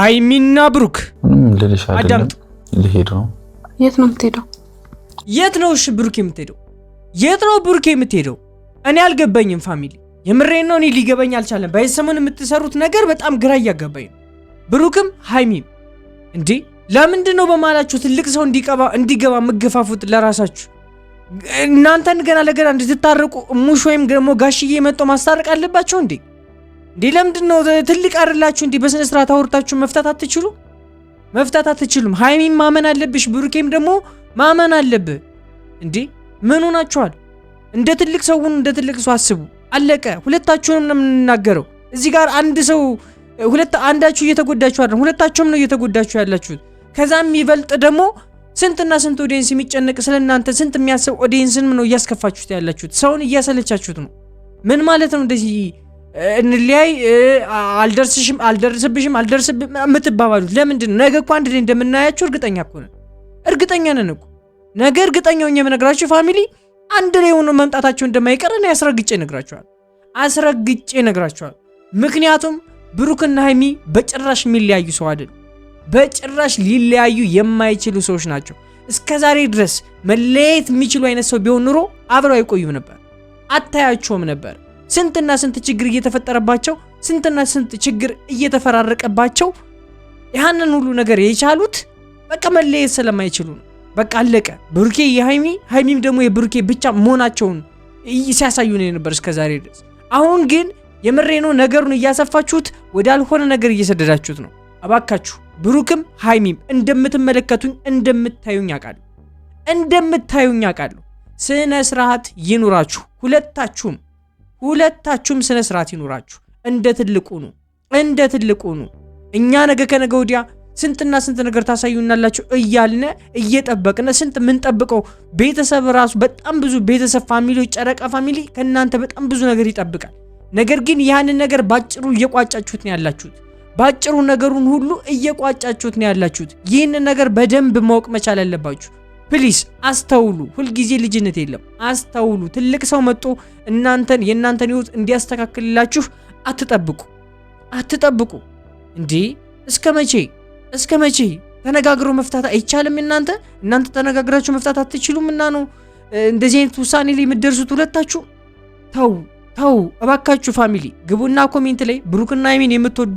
ሀይሚና ብሩክ አዳምጥ። ልሄድ ነው። የት ነው የምትሄደው? የት ነው እሺ ብሩክ የምትሄደው? የት ነው ብሩክ የምትሄደው? እኔ አልገባኝም ፋሚሊ፣ የምሬን ነው። እኔ ሊገባኝ አልቻለም። በዚህ ሰሞን የምትሰሩት ነገር በጣም ግራ እያገባኝ ነው። ብሩክም ሀይሚም እንዴ ለምንድን ነው በማላችሁ ትልቅ ሰው እንዲገባ መገፋፉት ለራሳችሁ እናንተን ገና ለገና እንድትታረቁ ሙሽ ወይም ደግሞ ጋሽዬ የመጣው ማስታረቅ አለባቸው እንዴ? እንዲህ ለምንድን ነው ትልቅ አይደላችሁ? እንዲህ በስነ ስርዓት አውርታችሁ መፍታት አትችሉ መፍታት አትችሉም። ሀይሚም ማመን አለብሽ፣ ብሩኬም ደግሞ ማመን አለብ እንዲህ ምን ሆናችኋል? እንደ ትልቅ ሰውን እንደ ትልቅ ሰው አስቡ። አለቀ። ሁለታችሁንም ነው የምንናገረው። እዚህ ጋር አንድ ሰው ሁለት አንዳችሁ እየተጎዳችሁ አይደል? ሁለታችሁም ነው እየተጎዳችሁ ያላችሁት። ከዛም ይበልጥ ደግሞ ስንትና ስንት ኦዲየንስ የሚጨነቅ ስለእናንተ ስንት የሚያስብ ኦዲየንስንም ነው እያስከፋችሁት ያላችሁት። ሰውን እያሰለቻችሁት ነው። ምን ማለት ነው እንደዚህ እንለያይ፣ አልደርስሽም፣ አልደርስብሽም፣ አልደርስብ የምትባባሉት ለምንድን ነው? ነገ እኮ አንድ ላይ እንደምናያችሁ እርግጠኛ እኮ ነን፣ እርግጠኛ ነን እኮ ነገ እርግጠኛ ሆኜ የምነግራችሁ ፋሚሊ አንድ ላይ ሆኖ መምጣታቸው እንደማይቀር እኔ አስረግጬ ነግራችኋል፣ አስረግጬ ነግራችኋል። ምክንያቱም ብሩክና ሀይሚ በጭራሽ የሚለያዩ ሰው አይደል፣ በጭራሽ ሊለያዩ የማይችሉ ሰዎች ናቸው። እስከ ዛሬ ድረስ መለየት የሚችሉ አይነት ሰው ቢሆን ኑሮ አብረው አይቆዩም ነበር፣ አታያቸውም ነበር። ስንትና ስንት ችግር እየተፈጠረባቸው ስንትና ስንት ችግር እየተፈራረቀባቸው ያንን ሁሉ ነገር የቻሉት በቃ መለየት ስለማይችሉ ነው። በቃ አለቀ። ብሩኬ የሃይሚ ሃይሚም ደግሞ የብሩኬ ብቻ መሆናቸውን ሲያሳዩ ነው የነበር እስከዛሬ ድረስ። አሁን ግን የምሬ ነው ነገሩን እያሰፋችሁት ወዳልሆነ ነገር እየሰደዳችሁት ነው። አባካችሁ ብሩክም ሃይሚም እንደምትመለከቱኝ እንደምታዩኝ አውቃለሁ እንደምታዩኝ አውቃለሁ። ስነ ስርዓት ይኑራችሁ ሁለታችሁም። ሁለታችሁም ስነ ስርዓት ይኑራችሁ። እንደ ትልቁ ኑ፣ እንደ ትልቁ ኑ። እኛ ነገ ከነገ ወዲያ ስንትና ስንት ነገር ታሳዩናላችሁ እያልነ እየጠበቅነ ስንት የምንጠብቀው ቤተሰብ ራሱ በጣም ብዙ ቤተሰብ፣ ፋሚሊዎች፣ ጨረቃ ፋሚሊ ከእናንተ በጣም ብዙ ነገር ይጠብቃል። ነገር ግን ያንን ነገር ባጭሩ እየቋጫችሁት ነው ያላችሁት። ባጭሩ ነገሩን ሁሉ እየቋጫችሁት ነው ያላችሁት። ይህንን ነገር በደንብ ማወቅ መቻል አለባችሁ። ፕሊስ አስተውሉ። ሁልጊዜ ልጅነት የለም። አስተውሉ። ትልቅ ሰው መጥቶ እናንተን የእናንተን ህይወት እንዲያስተካክልላችሁ አትጠብቁ አትጠብቁ። እንዴ እስከ መቼ እስከ መቼ ተነጋግሮ መፍታት አይቻልም? እናንተ እናንተ ተነጋግራችሁ መፍታት አትችሉም እና ነው እንደዚህ አይነት ውሳኔ ላይ የምትደርሱት ሁለታችሁ? ተው። ተው እባካችሁ ፋሚሊ ግቡና ኮሜንት ላይ ብሩክና ሀይሚን የምትወዱ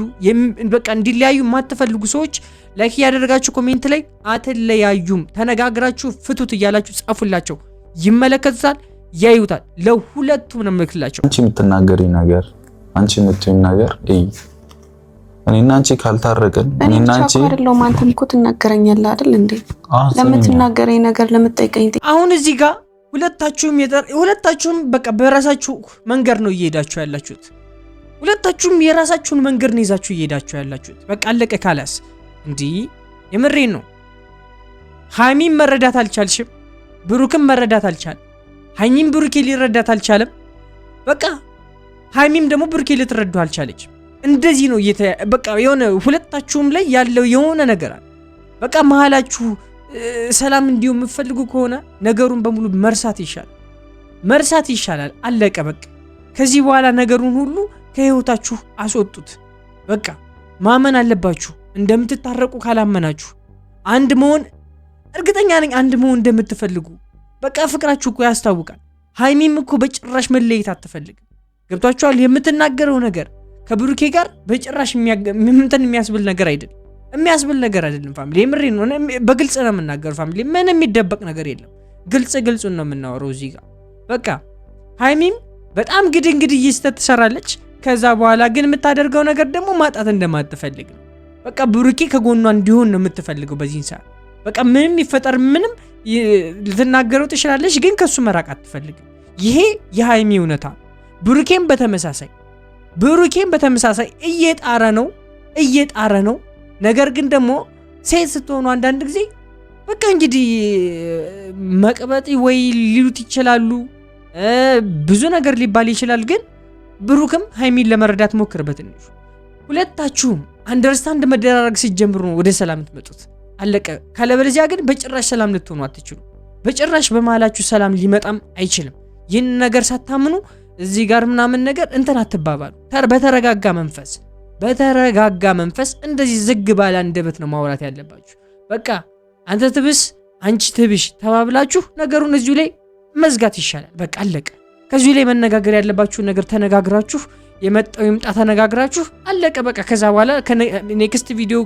በቃ እንዲለያዩ የማትፈልጉ ሰዎች ላይክ እያደረጋችሁ ኮሜንት ላይ አትለያዩም፣ ተነጋግራችሁ ፍቱት እያላችሁ ጻፉላቸው። ይመለከቱታል፣ ያዩታል። ለሁለቱም ነው ምልክላቸው። አንቺ የምትናገሪ ነገር አንቺ የምትይኝ ነገር እይ እኔና አንቺ ካልታረቅን እኔና አንቺ አንተም እኮ ትናገረኛለህ አይደል እንዴ? ለምትናገረኝ ነገር ለምትጠይቀኝ አሁን እዚህ ጋር ሁለታችሁም ሁለታችሁም በቃ በራሳችሁ መንገድ ነው እየሄዳችሁ ያላችሁት። ሁለታችሁም የራሳችሁን መንገድ ነው ይዛችሁ እየሄዳችሁ ያላችሁት። በቃ አለቀ። ካላስ እንዲህ የምሬ ነው። ሀሚም መረዳት አልቻልሽም፣ ብሩክም መረዳት አልቻል። ሀይሚም ብሩኬ ሊረዳት አልቻለም። በቃ ሀይሚም ደግሞ ብሩኬ ልትረዱ አልቻለች። እንደዚህ ነው በቃ የሆነ ሁለታችሁም ላይ ያለው የሆነ ነገር አለ በቃ መሀላችሁ ሰላም እንዲሁ የምፈልጉ ከሆነ ነገሩን በሙሉ መርሳት ይሻል መርሳት ይሻላል። አለቀ በቃ። ከዚህ በኋላ ነገሩን ሁሉ ከህይወታችሁ አስወጡት። በቃ ማመን አለባችሁ። እንደምትታረቁ ካላመናችሁ አንድ መሆን እርግጠኛ ነኝ አንድ መሆን እንደምትፈልጉ በቃ ፍቅራችሁ እኮ ያስታውቃል። ሀይሚም እኮ በጭራሽ መለየት አትፈልግም። ገብቷችኋል? የምትናገረው ነገር ከብሩኬ ጋር በጭራሽ እንትን የሚያስብል ነገር አይደለም። የሚያስብል ነገር አይደለም ፋሚሊ። የምሬ ነው፣ በግልጽ ነው የምናገሩ ፋሚሊ። ምን የሚደበቅ ነገር የለም። ግልጽ ግልጹን ነው የምናወረው እዚህ ጋር በቃ። ሀይሚም በጣም ግድ እንግዲህ ይስተት ትሰራለች። ከዛ በኋላ ግን የምታደርገው ነገር ደግሞ ማጣት እንደማትፈልግ ነው። በቃ ብሩኬ ከጎኗ እንዲሆን ነው የምትፈልገው በዚህን ሰዓት። በቃ ምንም ይፈጠር ምንም ልትናገረው ትችላለች፣ ግን ከሱ መራቅ አትፈልግም። ይሄ የሀይሚ እውነታ። ብሩኬም በተመሳሳይ ብሩኬም በተመሳሳይ እየጣረ ነው እየጣረ ነው ነገር ግን ደግሞ ሴት ስትሆኑ አንዳንድ ጊዜ በቃ እንግዲህ መቅበጥ ወይ ሊሉት ይችላሉ፣ ብዙ ነገር ሊባል ይችላል። ግን ብሩክም ሀይሚን ለመረዳት ሞክር። በትንሹ ሁለታችሁም አንደርስታንድ መደራረግ ሲጀምሩ ነው ወደ ሰላም ትመጡት። አለቀ። ካለበለዚያ ግን በጭራሽ ሰላም ልትሆኑ አትችሉ። በጭራሽ በመሀላችሁ ሰላም ሊመጣም አይችልም። ይህን ነገር ሳታምኑ እዚህ ጋር ምናምን ነገር እንትን አትባባሉ በተረጋጋ መንፈስ በተረጋጋ መንፈስ እንደዚህ ዝግ ባለ አንደበት ነው ማውራት ያለባችሁ። በቃ አንተ ትብስ አንቺ ትብሽ ተባብላችሁ ነገሩን እዚሁ ላይ መዝጋት ይሻላል። በቃ አለቀ። ከዚሁ ላይ መነጋገር ያለባችሁን ነገር ተነጋግራችሁ የመጣው ይምጣ ተነጋግራችሁ አለቀ። በቃ ከዛ በኋላ ኔክስት ቪዲዮ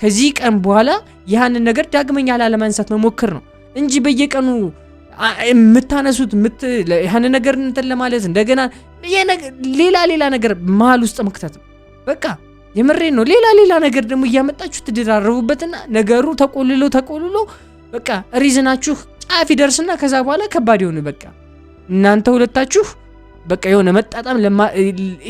ከዚህ ቀን በኋላ ያንን ነገር ዳግመኛ ላለማንሳት መሞክር ነው እንጂ በየቀኑ የምታነሱት ያንን ነገር እንትን ለማለት እንደገና ሌላ ሌላ ነገር መሀል ውስጥ መክተት ነው። በቃ የምሬ ነው። ሌላ ሌላ ነገር ደግሞ እያመጣችሁ ትደራረቡበትና ነገሩ ተቆልሎ ተቆልሎ በቃ ሪዝናችሁ ጫፍ ይደርስና ከዛ በኋላ ከባድ ይሆን። በቃ እናንተ ሁለታችሁ በቃ የሆነ መጣጣም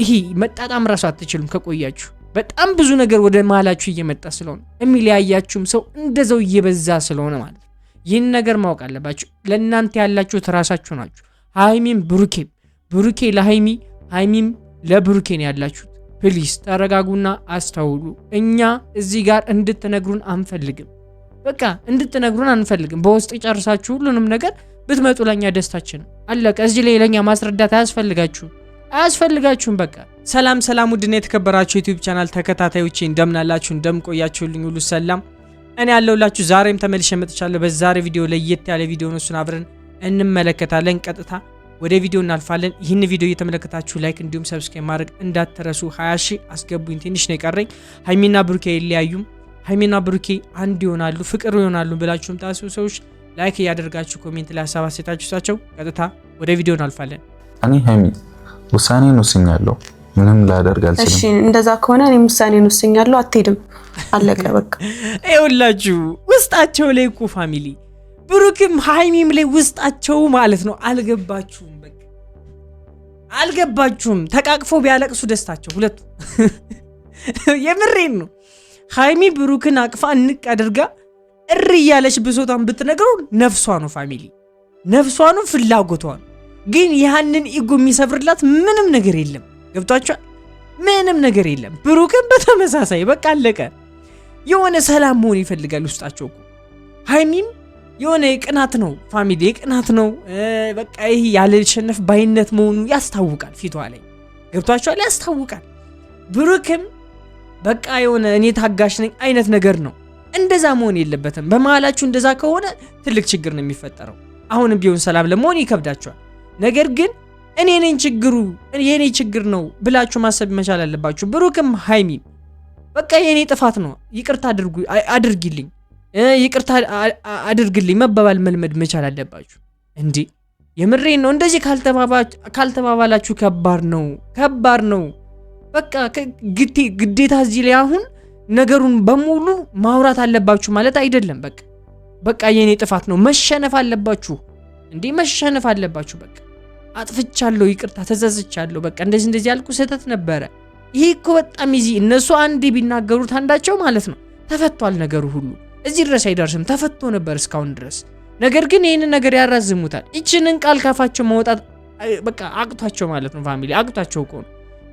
ይሄ መጣጣም ራሱ አትችሉም ከቆያችሁ በጣም ብዙ ነገር ወደ መሀላችሁ እየመጣ ስለሆነ የሚለያያችሁም ሰው እንደዛው እየበዛ ስለሆነ ማለት ነው። ይህን ነገር ማወቅ አለባችሁ። ለእናንተ ያላችሁት ራሳችሁ ናችሁ። ሀይሚም ብሩኬም፣ ብሩኬ ለሀይሚ ሀይሚም ለብሩኬን ያላችሁት ፕሊስ ተረጋጉና አስተውሉ። እኛ እዚህ ጋር እንድትነግሩን አንፈልግም። በቃ እንድትነግሩን አንፈልግም። በውስጥ ጨርሳችሁ ሁሉንም ነገር ብትመጡ ለእኛ ደስታችን ነው። አለቀ። እዚህ ላይ ለእኛ ማስረዳት አያስፈልጋችሁም አያስፈልጋችሁም በቃ። ሰላም ሰላም፣ ውድና የተከበራችሁ ዩቲዩብ ቻናል ተከታታዮቼ እንደምናላችሁ፣ እንደምቆያችሁልኝ ሁሉ ሰላም እኔ ያለሁላችሁ ዛሬም ተመልሼ መጥቻለሁ። በዛሬ ቪዲዮ ለየት ያለ ቪዲዮ ነው፣ እሱን አብረን እንመለከታለን። ቀጥታ ወደ ቪዲዮ እናልፋለን። ይህን ቪዲዮ እየተመለከታችሁ ላይክ እንዲሁም ሰብስክራይብ ማድረግ እንዳትረሱ። 20 ሺ አስገቡኝ፣ ትንሽ ነው የቀረኝ። ሀይሚና ብሩኬ አይለያዩም፣ ሀይሚና ብሩኬ አንድ ይሆናሉ፣ ፍቅር ይሆናሉ ብላችሁም ታስቡ ሰዎች ላይክ እያደርጋችሁ ኮሜንት ላይ ሀሳብ አሴታችሁ ሳቸው። ቀጥታ ወደ ቪዲዮ እናልፋለን። እኔ ሀይሚ ውሳኔን ወስኛለሁ፣ ምንም ላደርግ አልችልም። እሺ እንደዛ ከሆነ እኔም ውሳኔን ወስኛለሁ። አትሄድም፣ አለቀ በቃ። ይኸውላችሁ ውስጣቸው ላይ እኮ ፋሚሊ ብሩክም ሀይሚም ላይ ውስጣቸው ማለት ነው አልገባችሁም። በቃ አልገባችሁም። ተቃቅፎ ቢያለቅሱ ደስታቸው ሁለቱ። የምሬን ነው። ሀይሚ ብሩክን አቅፋ እንቅ አድርጋ እር እያለች ብሶቷን ብትነግረው ነፍሷ ነው ፋሚሊ፣ ነፍሷ ነው ፍላጎቷ ነው። ግን ያንን ኢጎ የሚሰብርላት ምንም ነገር የለም። ገብቷቸዋል። ምንም ነገር የለም። ብሩክን በተመሳሳይ በቃ አለቀ። የሆነ ሰላም መሆን ይፈልጋል ውስጣቸው እኮ ሀይሚም የሆነ የቅናት ነው ፋሚሊ የቅናት ነው በቃ ይህ ያለሸነፍ ባይነት መሆኑ ያስታውቃል። ፊቷ ላይ ገብቷቸዋል፣ ያስታውቃል። ብሩክም በቃ የሆነ እኔ ታጋሽ ነኝ አይነት ነገር ነው። እንደዛ መሆን የለበትም። በመሀላችሁ እንደዛ ከሆነ ትልቅ ችግር ነው የሚፈጠረው። አሁንም ቢሆን ሰላም ለመሆን ይከብዳቸዋል። ነገር ግን እኔ ነኝ ችግሩ የእኔ ችግር ነው ብላችሁ ማሰብ መቻል አለባችሁ። ብሩክም ሀይሚም በቃ የእኔ ጥፋት ነው ይቅርታ አድርጉ አድርጊልኝ ይቅርታ አድርግልኝ መባባል መልመድ መቻል አለባችሁ። እንዲህ የምሬ ነው። እንደዚህ ካልተባባላችሁ ከባድ ነው፣ ከባድ ነው። በቃ ግዴታ እዚህ ላይ አሁን ነገሩን በሙሉ ማውራት አለባችሁ ማለት አይደለም። በቃ በቃ የኔ ጥፋት ነው መሸነፍ አለባችሁ። እንዲህ መሸነፍ አለባችሁ። በቃ አጥፍቻለሁ፣ ይቅርታ ተዘዝቻለሁ። በቃ እንደዚህ እንደዚህ ያልኩ ስህተት ነበረ። ይሄ እኮ በጣም ይዚ እነሱ አንዴ ቢናገሩት አንዳቸው ማለት ነው ተፈቷል ነገሩ ሁሉ እዚህ ድረስ አይደርስም። ተፈቶ ነበር እስካሁን ድረስ። ነገር ግን ይህንን ነገር ያራዝሙታል። ይችንን ቃል ካፋቸው መውጣት በቃ አቅቷቸው ማለት ነው። ፋሚሊ አቅቷቸው እኮ ነው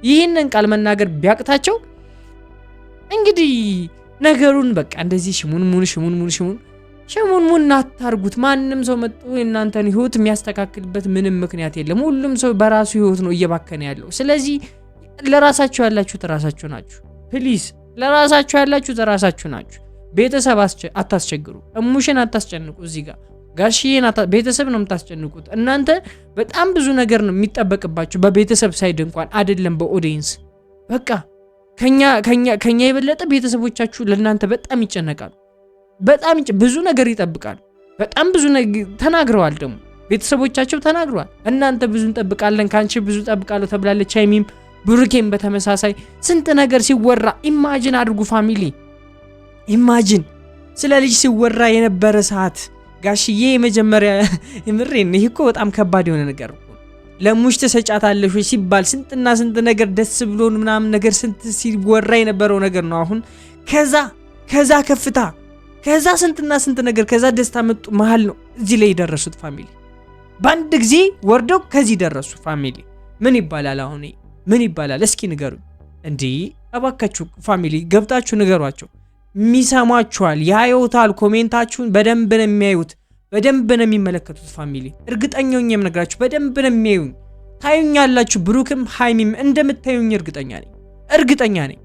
ይህንን ቃል መናገር ቢያቅታቸው እንግዲህ ነገሩን በቃ እንደዚህ ሽሙን ሙን ሽሙን ሙን እናታርጉት። ማንም ሰው መጡ የእናንተን ህይወት የሚያስተካክልበት ምንም ምክንያት የለም። ሁሉም ሰው በራሱ ህይወት ነው እየባከነ ያለው። ስለዚህ ለራሳችሁ ያላችሁት ራሳችሁ ናችሁ። ፕሊዝ ለራሳችሁ ያላችሁት ራሳችሁ ናችሁ። ቤተሰብ አታስቸግሩ፣ እሙሽን አታስጨንቁ። እዚህ ጋር ጋሽዬን ቤተሰብ ነው የምታስጨንቁት እናንተ። በጣም ብዙ ነገር ነው የሚጠበቅባችሁ በቤተሰብ ሳይድ እንኳን አይደለም በኦዲየንስ በቃ ከኛ የበለጠ ቤተሰቦቻችሁ ለእናንተ በጣም ይጨነቃሉ። በጣም ብዙ ነገር ይጠብቃሉ። በጣም ብዙ ተናግረዋል ደግሞ ቤተሰቦቻቸው ተናግረዋል። እናንተ ብዙ እንጠብቃለን ከአንቺ ብዙ ጠብቃለሁ ተብላለች። ሀይሚም ብሩኬም በተመሳሳይ ስንት ነገር ሲወራ ኢማጅን አድርጉ ፋሚሊ ኢማጂን ስለ ልጅ ሲወራ የነበረ ሰዓት ጋሽዬ የመጀመሪያ ምሬን ይህ እኮ በጣም ከባድ የሆነ ነገር ነው። ለሙሽ ተሰጫታለሽ ሲባል ስንትና ስንት ነገር ደስ ብሎን ምናምን ነገር ስንት ሲወራ የነበረው ነገር ነው። አሁን ከዛ ከዛ ከፍታ ከዛ ስንትና ስንት ነገር ከዛ ደስታ መጡ መሀል ነው እዚህ ላይ የደረሱት ፋሚሊ በአንድ ጊዜ ወርደው ከዚህ ደረሱ ፋሚሊ። ምን ይባላል አሁን ምን ይባላል? እስኪ ንገሩ እንዲህ እባካችሁ ፋሚሊ ገብታችሁ ንገሯቸው። ሚሰማችኋል፣ ያዩታል። ኮሜንታችሁን በደንብ ነው የሚያዩት፣ በደንብ ነው የሚመለከቱት። ፋሚሊ እርግጠኛው የምነግራችሁ በደንብ ነው የሚያዩኝ። ታዩኛላችሁ፣ ብሩክም ሀይሚም እንደምታዩኝ እርግጠኛ ነኝ፣ እርግጠኛ ነኝ።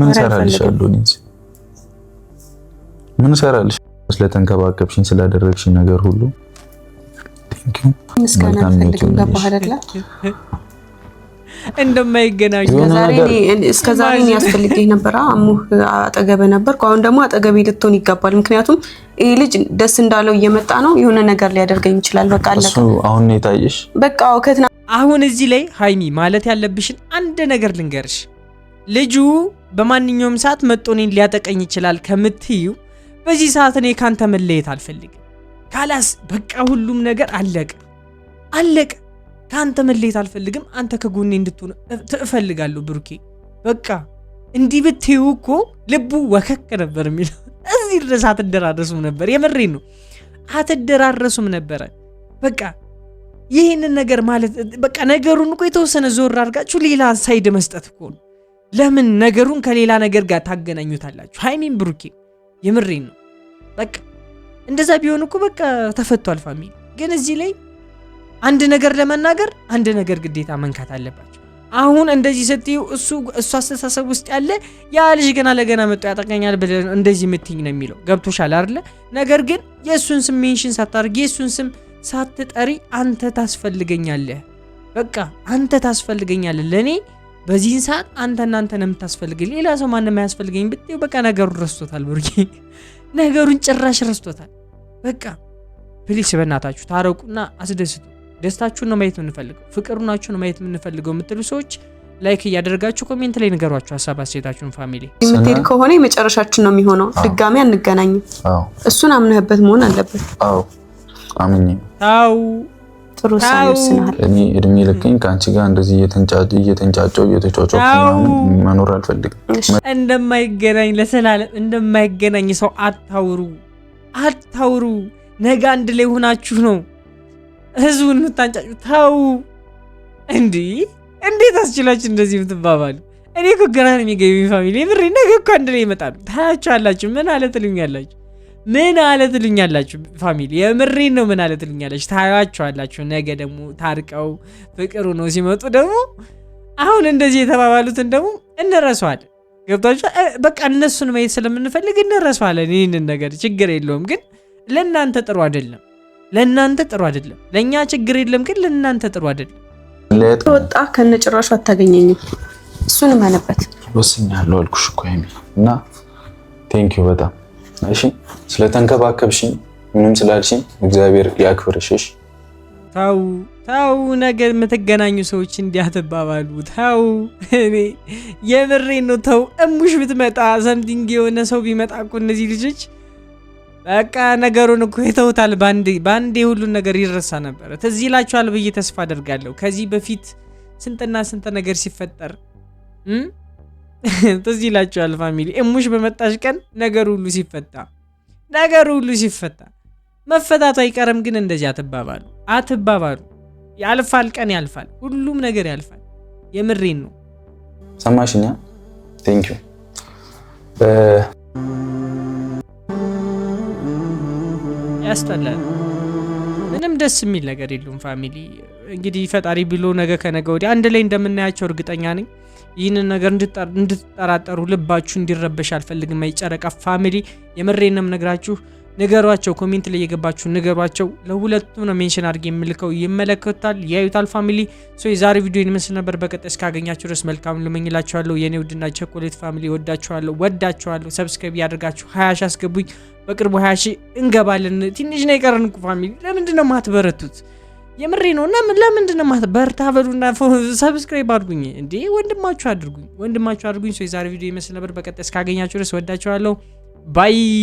ምን ሰራልሻለሁ? ምን ነገር ሁሉ እንደማይገናኙ እስከዛሬ ያስፈልገኝ ነበር። አሙህ አጠገብ ነበር። አሁን ደግሞ አጠገቤ ልትሆን ይገባል። ምክንያቱም ይህ ልጅ ደስ እንዳለው እየመጣ ነው። የሆነ ነገር ሊያደርገኝ ይችላል። በቃ አለቀ። አሁን የታየሽ በቃ ከትና አሁን እዚህ ላይ ሀይሚ ማለት ያለብሽን አንድ ነገር ልንገርሽ። ልጁ በማንኛውም ሰዓት መጦ እኔን ሊያጠቀኝ ይችላል ከምትዩ በዚህ ሰዓት እኔ ካንተ መለየት አልፈልግም። ካላስ በቃ ሁሉም ነገር አለቀ አለቀ። ከአንተ መለየት አልፈልግም። አንተ ከጎኔ እንድትሆን እፈልጋለሁ ብሩኬ። በቃ እንዲህ ብትይው እኮ ልቡ ወከክ ነበር የሚለው እዚህ ድረስ አትደራረሱም ነበር። የምሬን ነው፣ አትደራረሱም ነበረ። በቃ ይህንን ነገር ማለት በቃ ነገሩን እኮ የተወሰነ ዞር አድርጋችሁ ሌላ ሳይድ መስጠት እኮ ነው። ለምን ነገሩን ከሌላ ነገር ጋር ታገናኙታላችሁ? ሀይሚን ብሩኬ፣ የምሬ ነው። በቃ እንደዛ ቢሆን እኮ በቃ ተፈቷል ፋሚሊ። ግን እዚህ ላይ አንድ ነገር ለመናገር አንድ ነገር ግዴታ መንካት አለባቸው። አሁን እንደዚህ ስትዩ እሱ እሱ አስተሳሰብ ውስጥ ያለ ያ ልጅ ገና ለገና መጥቶ ያጠቀኛል ብለን እንደዚህ ምትኝ ነው የሚለው ገብቶሻል አይደለ? ነገር ግን የእሱን ስም ሜንሽን ሳታደርግ የእሱን ስም ሳትጠሪ አንተ ታስፈልገኛለህ፣ በቃ አንተ ታስፈልገኛለህ ለእኔ በዚህን ሰዓት አንተ እናንተ ነው የምታስፈልገኝ፣ ሌላ ሰው ማንም አያስፈልገኝ ብትይው በቃ ነገሩን ረስቶታል። ብሩኬ ነገሩን ጭራሽ ረስቶታል። በቃ ፕሊስ በእናታችሁ ታረቁና አስደስቱ። ደስታችሁን ነው ማየት የምንፈልገው፣ ፍቅሩናችሁ ነው ማየት የምንፈልገው የምትሉ ሰዎች ላይክ እያደረጋችሁ ኮሜንት ላይ ንገሯችሁ ሀሳብ አስተያየታችሁን። ፋሚሊ የምትሄድ ከሆነ የመጨረሻችን ነው የሚሆነው፣ ድጋሚ አንገናኝም። እሱን አምነህበት መሆን አለበት። አዎ አምኜ ጥሩ እኔ እድሜ ልክኝ ከአንቺ ጋር እንደዚህ እየተንጫጨው እየተጫጫው መኖር አልፈልግም። እንደማይገናኝ ለሰላለም እንደማይገናኝ ሰው አታውሩ፣ አታውሩ። ነገ አንድ ላይ ሆናችሁ ነው ህዝቡን የምታንጫጩ ተው። እንዲህ እንዴት አስችላችሁ እንደዚህ የምትባባሉ? እኔ እኮ ግራ ነው የሚገኝ ፋሚሊ ብሬ ነገ እኮ አንድ ላይ ይመጣሉ። ታያችኋላችሁ። ምን አለ ትሉኛላችሁ? ምን አለ ትሉኛላችሁ ፋሚሊ? የምሬን ነው። ምን አለ ትሉኛላችሁ? ታያችኋላችሁ። ነገ ደግሞ ታርቀው ፍቅሩ ነው ሲመጡ ደግሞ አሁን እንደዚህ የተባባሉትን ደግሞ እንረሳዋለን። ገብቷችሁ በቃ እነሱን ማየት ስለምንፈልግ እንረሳዋለን። ይህንን ነገር ችግር የለውም ግን ለእናንተ ጥሩ አይደለም። ለእናንተ ጥሩ አይደለም። ለእኛ ችግር የለም ግን ለእናንተ ጥሩ አይደለም። ወጣ ከነጭራሹ አታገኘኝም። እሱን ማለበት ወስኛለሁ አልኩሽ እኮ እና ቴንኪዩ በጣም እሺ። ስለተንከባከብሽኝ ምንም ስላልሽኝ እግዚአብሔር ያክብርሽሽ። ታው ታው ነገር የምትገናኙ ሰዎች እንዲያተባባሉ ታው። እኔ የምሬ ነው። ተው እሙሽ ብትመጣ ሰምቲንግ የሆነ ሰው ቢመጣ እኮ እነዚህ ልጆች በቃ ነገሩን እኮ የተውታል። በአንዴ ሁሉን ነገር ይረሳ ነበረ። ትዝ ይላችኋል ብዬ ተስፋ አደርጋለሁ። ከዚህ በፊት ስንትና ስንት ነገር ሲፈጠር ትዝ ይላችኋል ፋሚሊ። እሙሽ በመጣሽ ቀን ነገር ሁሉ ሲፈታ ነገር ሁሉ ሲፈታ መፈታቱ አይቀርም። ግን እንደዚህ አትባባሉ አትባባሉ። ያልፋል፣ ቀን ያልፋል፣ ሁሉም ነገር ያልፋል። የምሬን ነው። ሰማሽኛ? ቴንኪው ያስጠላል። ምንም ደስ የሚል ነገር የለውም። ፋሚሊ እንግዲህ ፈጣሪ ብሎ ነገ ከነገ ወዲያ አንድ ላይ እንደምናያቸው እርግጠኛ ነኝ። ይህንን ነገር እንድትጠራጠሩ ልባችሁ እንዲረበሽ አልፈልግም። የጨረቃ ፋሚሊ የምሬንም ነግራችሁ ንገሯቸው። ኮሜንት ላይ የገባችሁ ንገሯቸው። ለሁለቱም ነው ሜንሽን አድርጌ የምልከው። ይመለከቱታል፣ ያዩታል። ፋሚሊ ሶ የዛሬ ቪዲዮ ይመስል ነበር። በቀጣይ እስካገኛችሁ ድረስ መልካም ልመኝላችኋለሁ። የኔ ውድና ቸኮሌት ፋሚሊ ወዳችኋለሁ፣ ወዳችኋለሁ። ሰብስክራይብ ያደርጋችሁ ሀያ ሺ አስገቡኝ። በቅርቡ ሀያ ሺ እንገባለን። ትንሽ ነው የቀረን እኮ ፋሚሊ። ለምንድን ነው ማትበረቱት? የምሬ ነው እና ለምንድን ነው በርታ በሉና ሰብስክራይብ አድርጉኝ። እንዴ ወንድማችሁ አድርጉኝ፣ ወንድማችሁ አድርጉኝ። ሶ የዛሬ ቪዲዮ ይመስል ነበር። በቀጣይ እስካገኛችሁ ድረስ ወዳችኋለሁ። ባይ